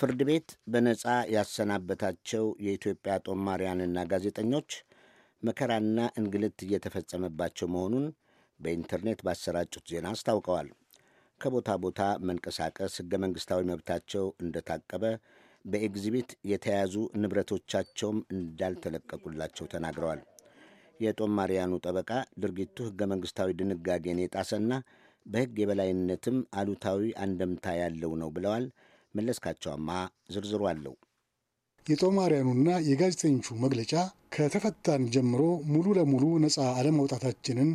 ፍርድ ቤት በነጻ ያሰናበታቸው የኢትዮጵያ ጦማሪያንና ጋዜጠኞች መከራና እንግልት እየተፈጸመባቸው መሆኑን በኢንተርኔት ባሰራጩት ዜና አስታውቀዋል። ከቦታ ቦታ መንቀሳቀስ ሕገ መንግሥታዊ መብታቸው እንደታቀበ፣ በኤግዚቢት የተያዙ ንብረቶቻቸውም እንዳልተለቀቁላቸው ተናግረዋል። የጦማሪያኑ ጠበቃ ድርጊቱ ሕገ መንግሥታዊ ድንጋጌን የጣሰና በሕግ የበላይነትም አሉታዊ አንደምታ ያለው ነው ብለዋል። መለስካቸዋማ ዝርዝሩ አለው። የጦማሪያኑና የጋዜጠኞቹ መግለጫ ከተፈታን ጀምሮ ሙሉ ለሙሉ ነፃ አለመውጣታችንን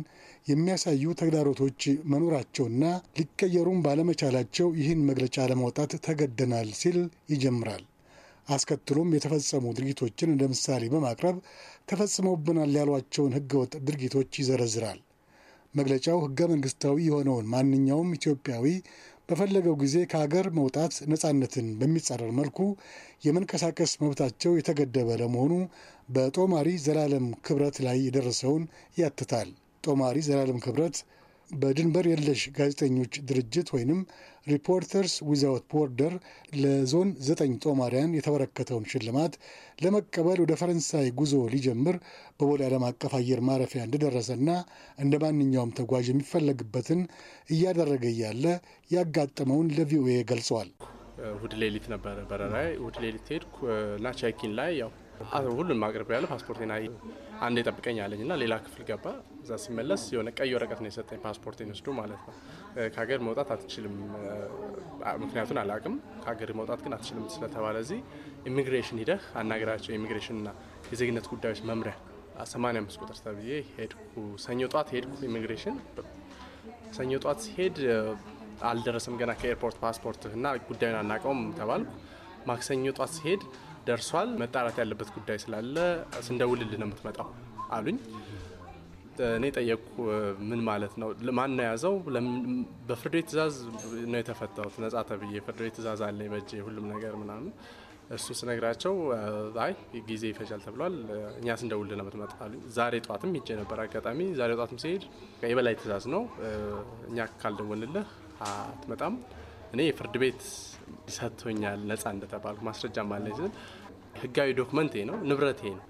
የሚያሳዩ ተግዳሮቶች መኖራቸውና ሊቀየሩም ባለመቻላቸው ይህን መግለጫ ለማውጣት ተገደናል ሲል ይጀምራል። አስከትሎም የተፈጸሙ ድርጊቶችን እንደ ምሳሌ በማቅረብ ተፈጽመውብናል ያሏቸውን ህገወጥ ድርጊቶች ይዘረዝራል። መግለጫው ህገ መንግስታዊ የሆነውን ማንኛውም ኢትዮጵያዊ በፈለገው ጊዜ ከሀገር መውጣት ነፃነትን በሚጻረር መልኩ የመንቀሳቀስ መብታቸው የተገደበ ለመሆኑ በጦማሪ ዘላለም ክብረት ላይ የደረሰውን ያትታል። ጦማሪ ዘላለም ክብረት በድንበር የለሽ ጋዜጠኞች ድርጅት ወይንም ሪፖርተርስ ዊዛውት ቦርደር ለዞን ዘጠኝ ጦማሪያን የተበረከተውን ሽልማት ለመቀበል ወደ ፈረንሳይ ጉዞ ሊጀምር በቦሌ ዓለም አቀፍ አየር ማረፊያ እንደደረሰና እንደ ማንኛውም ተጓዥ የሚፈለግበትን እያደረገ እያለ ያጋጠመውን ለቪኦኤ ገልጸዋል። እሑድ ሌሊት ነበረ በረራዬ። እሑድ ሌሊት ሄድኩ እና ቼኪን ላይ ያው ሁሉን ማቅረብ ያለ ፓስፖርቴን አይ አንድ የጠብቀኝ አለኝ እና ሌላ ክፍል ገባ። እዛ ሲመለስ የሆነ ቀይ ወረቀት ነው የሰጠኝ ፓስፖርቴን ወስዶ ማለት ነው። ከሀገር መውጣት አትችልም፣ ምክንያቱን አላውቅም። ከሀገር መውጣት ግን አትችልም ስለተባለ እዚህ ኢሚግሬሽን ሂደህ አናገራቸው። ኢሚግሬሽንና የዜግነት ጉዳዮች መምሪያ 85 ቁጥር ተብዬ ሄድኩ። ሰኞ ጠዋት ሄድኩ ኢሚግሬሽን። ሰኞ ጠዋት ሲሄድ አልደረሰም ገና ከኤርፖርት ፓስፖርት እና ጉዳዩን አናውቀውም ተባልኩ። ማክሰኞ ጠዋት ሲሄድ ደርሷል፣ መጣራት ያለበት ጉዳይ ስላለ ስንደውልልህ ነው የምትመጣው አሉኝ። እኔ ጠየቅኩ፣ ምን ማለት ነው? ማን ነው ያዘው? በፍርድ ቤት ትእዛዝ ነው የተፈታሁት ነጻ ተብዬ ፍርድ ቤት ትእዛዝ አለኝ በእጄ ሁሉም ነገር ምናምን እሱ ስነግራቸው አይ ጊዜ ይፈጃል ተብሏል፣ እኛ ስንደውልልህ ነው የምትመጣ አሉኝ። ዛሬ ጠዋትም ሄጄ ነበር አጋጣሚ። ዛሬ ጠዋትም ሲሄድ የበላይ ትእዛዝ ነው፣ እኛ ካልደወልንልህ አትመጣም። እኔ የፍርድ ቤት ሰጥቶኛል ነጻ እንደተባልኩ ማስረጃ ማለኝ ስል ህጋዊ ዶክመንቴ ነው፣ ንብረቴ ነው።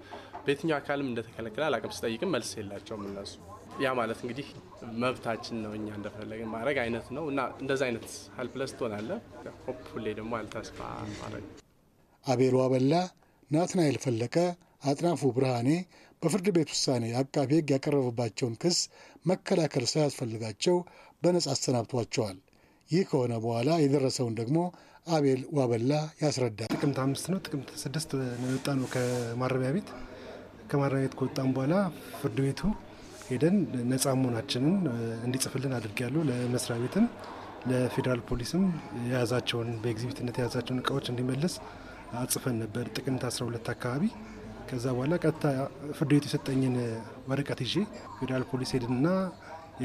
በየትኛው አካልም እንደተከለከለ አላቅም። ስጠይቅም መልስ የላቸውም እነሱ። ያ ማለት እንግዲህ መብታችን ነው እኛ እንደፈለግን ማድረግ አይነት ነው እና እንደዚ አይነት ሀልፕለስ ትሆናለ። ሆፕሌ ደግሞ አልተስፋ ማድረግ አቤል አበላ ናትናኤል ፈለቀ፣ አጥናፉ ብርሃኔ በፍርድ ቤት ውሳኔ አቃቢ ህግ ያቀረበባቸውን ክስ መከላከል ሳያስፈልጋቸው በነጻ አሰናብቷቸዋል። ይህ ከሆነ በኋላ የደረሰውን ደግሞ አቤል ዋበላ ያስረዳል። ጥቅምት አምስት ነው ጥቅምት ስድስት የወጣ ነው ከማረሚያ ቤት። ከማረሚያ ቤት ከወጣም በኋላ ፍርድ ቤቱ ሄደን ነጻ መሆናችንን እንዲጽፍልን አድርጊያለሁ። ለመስሪያ ቤትም ለፌዴራል ፖሊስም የያዛቸውን በኤግዚቢትነት የያዛቸውን እቃዎች እንዲመልስ አጽፈን ነበር ጥቅምት 12 አካባቢ። ከዛ በኋላ ቀጥታ ፍርድ ቤቱ የሰጠኝን ወረቀት ይዤ ፌዴራል ፖሊስ ሄድንና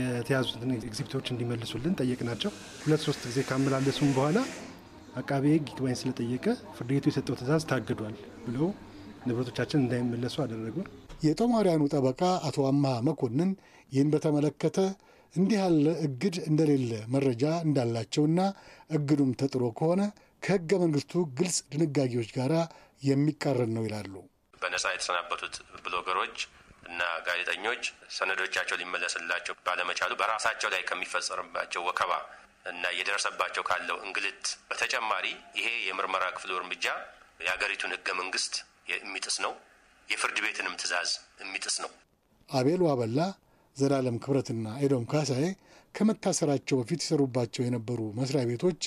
የተያዙትን ኤግዚቢቶች እንዲመልሱልን ጠየቅናቸው። ሁለት ሶስት ጊዜ ካመላለሱም በኋላ አቃቤ ሕግ ይግባኝ ስለጠየቀ ፍርድ ቤቱ የሰጠው ትእዛዝ ታግዷል ብለው ንብረቶቻችን እንዳይመለሱ አደረጉ። የጦማሪያኑ ጠበቃ አቶ አማ መኮንን ይህን በተመለከተ እንዲህ ያለ እግድ እንደሌለ መረጃ እንዳላቸውና እግዱም ተጥሮ ከሆነ ከህገ መንግስቱ ግልጽ ድንጋጌዎች ጋር የሚቃረን ነው ይላሉ። በነጻ የተሰናበቱት ብሎገሮች እና ጋዜጠኞች ሰነዶቻቸው ሊመለስላቸው ባለመቻሉ በራሳቸው ላይ ከሚፈጸምባቸው ወከባ እና እየደረሰባቸው ካለው እንግልት በተጨማሪ ይሄ የምርመራ ክፍሉ እርምጃ የሀገሪቱን ህገ መንግስት የሚጥስ ነው፣ የፍርድ ቤትንም ትዕዛዝ የሚጥስ ነው። አቤል ዋበላ፣ ዘላለም ክብረትና ኤዶም ካሳዬ ከመታሰራቸው በፊት ይሰሩባቸው የነበሩ መስሪያ ቤቶች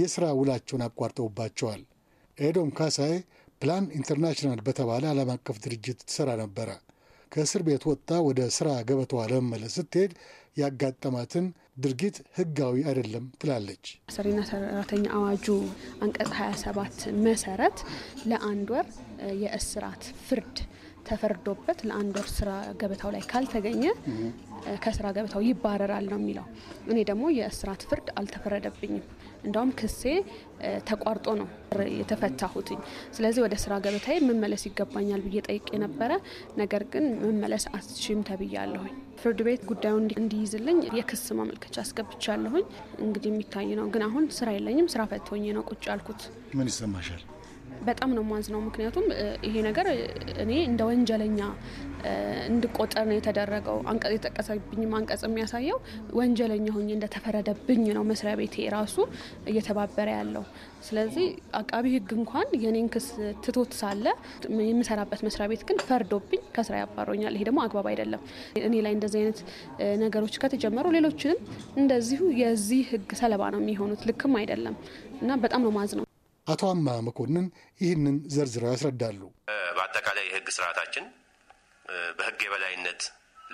የስራ ውላቸውን አቋርጠውባቸዋል። ኤዶም ካሳዬ ፕላን ኢንተርናሽናል በተባለ ዓለም አቀፍ ድርጅት ትሰራ ነበረ። ከእስር ቤት ወጥታ ወደ ስራ ገበታዋ ለመመለስ ስትሄድ ያጋጠማትን ድርጊት ህጋዊ አይደለም ትላለች። ሰሪና ሰራተኛ አዋጁ አንቀጽ 27 መሰረት ለአንድ ወር የእስራት ፍርድ ተፈርዶበት ለአንድ ወር ስራ ገበታው ላይ ካልተገኘ ከስራ ገበታው ይባረራል ነው የሚለው። እኔ ደግሞ የእስራት ፍርድ አልተፈረደብኝም። እንዳውም ክሴ ተቋርጦ ነው የተፈታሁትኝ። ስለዚህ ወደ ስራ ገበታዬ መመለስ ይገባኛል ብዬ ጠይቄ ነበረ። ነገር ግን መመለስ አትችም ተብያለሁኝ። ፍርድ ቤት ጉዳዩን እንዲይዝልኝ የክስ ማመልከቻ አስገብቻለሁኝ። እንግዲህ የሚታይ ነው። ግን አሁን ስራ የለኝም። ስራ ፈቶኜ ነው ቁጭ ያልኩት። ምን ይሰማሻል? በጣም ነው ማንዝ ነው። ምክንያቱም ይሄ ነገር እኔ እንደ ወንጀለኛ እንድቆጠር ነው የተደረገው። አንቀጽ የጠቀሰብኝም አንቀጽ የሚያሳየው ወንጀለኛ ሆኜ እንደተፈረደብኝ ነው መስሪያ ቤቴ ራሱ እየተባበረ ያለው። ስለዚህ አቃቢ ሕግ እንኳን የኔን ክስ ትቶት ሳለ የምሰራበት መስሪያ ቤት ግን ፈርዶብኝ ከስራ ያባሮኛል። ይሄ ደግሞ አግባብ አይደለም። እኔ ላይ እንደዚህ አይነት ነገሮች ከተጀመሩ ሌሎችንም እንደዚሁ የዚህ ሕግ ሰለባ ነው የሚሆኑት። ልክም አይደለም እና በጣም ነው ማዝ ነው። አቶ አማ መኮንን ይህንን ዘርዝረው ያስረዳሉ። በአጠቃላይ የህግ ስርዓታችን በህግ የበላይነት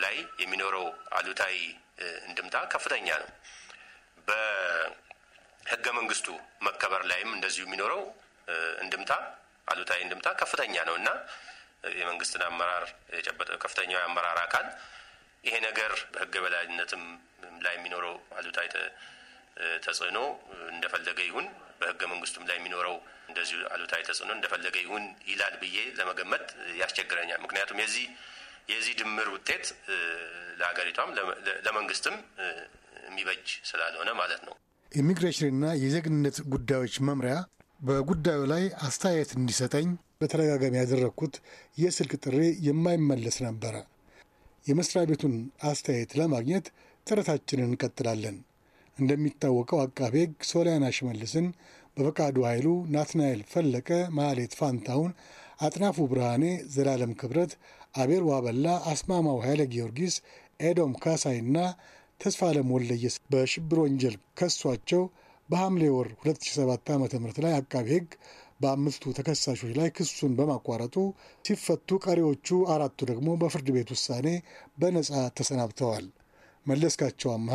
ላይ የሚኖረው አሉታዊ እንድምታ ከፍተኛ ነው። በህገ መንግስቱ መከበር ላይም እንደዚሁ የሚኖረው እንድምታ አሉታዊ እንድምታ ከፍተኛ ነው እና የመንግስትን አመራር የጨበጠው ከፍተኛው የአመራር አካል ይሄ ነገር በህገ በላይነትም ላይ የሚኖረው አሉታዊ ተጽዕኖ እንደፈለገ ይሁን በህገ መንግስቱም ላይ የሚኖረው እንደዚሁ አሉታዊ ተጽዕኖ እንደፈለገ ይሁን ይላል ብዬ ለመገመት ያስቸግረኛል። ምክንያቱም የዚህ የዚህ ድምር ውጤት ለሀገሪቷም ለመንግስትም የሚበጅ ስላልሆነ ማለት ነው። ኢሚግሬሽንና የዜግነት ጉዳዮች መምሪያ በጉዳዩ ላይ አስተያየት እንዲሰጠኝ በተደጋጋሚ ያደረግኩት የስልክ ጥሪ የማይመለስ ነበረ። የመስሪያ ቤቱን አስተያየት ለማግኘት ጥረታችንን እንቀጥላለን። እንደሚታወቀው አቃቤ ሕግ ሶሊያና ሽመልስን፣ በፈቃዱ ኃይሉ፣ ናትናኤል ፈለቀ፣ ማህሌት ፋንታውን አጥናፉ ብርሃኔ፣ ዘላለም ክብረት፣ አቤል ዋበላ፣ አስማማው ኃይለ ጊዮርጊስ፣ ኤዶም ካሳይና ተስፋ ዓለም ወልደየስ በሽብር ወንጀል ከሷቸው በሐምሌ ወር 2007 ዓ ም ላይ አቃቢ ሕግ በአምስቱ ተከሳሾች ላይ ክሱን በማቋረጡ ሲፈቱ፣ ቀሪዎቹ አራቱ ደግሞ በፍርድ ቤት ውሳኔ በነጻ ተሰናብተዋል። መለስካቸው አምሃ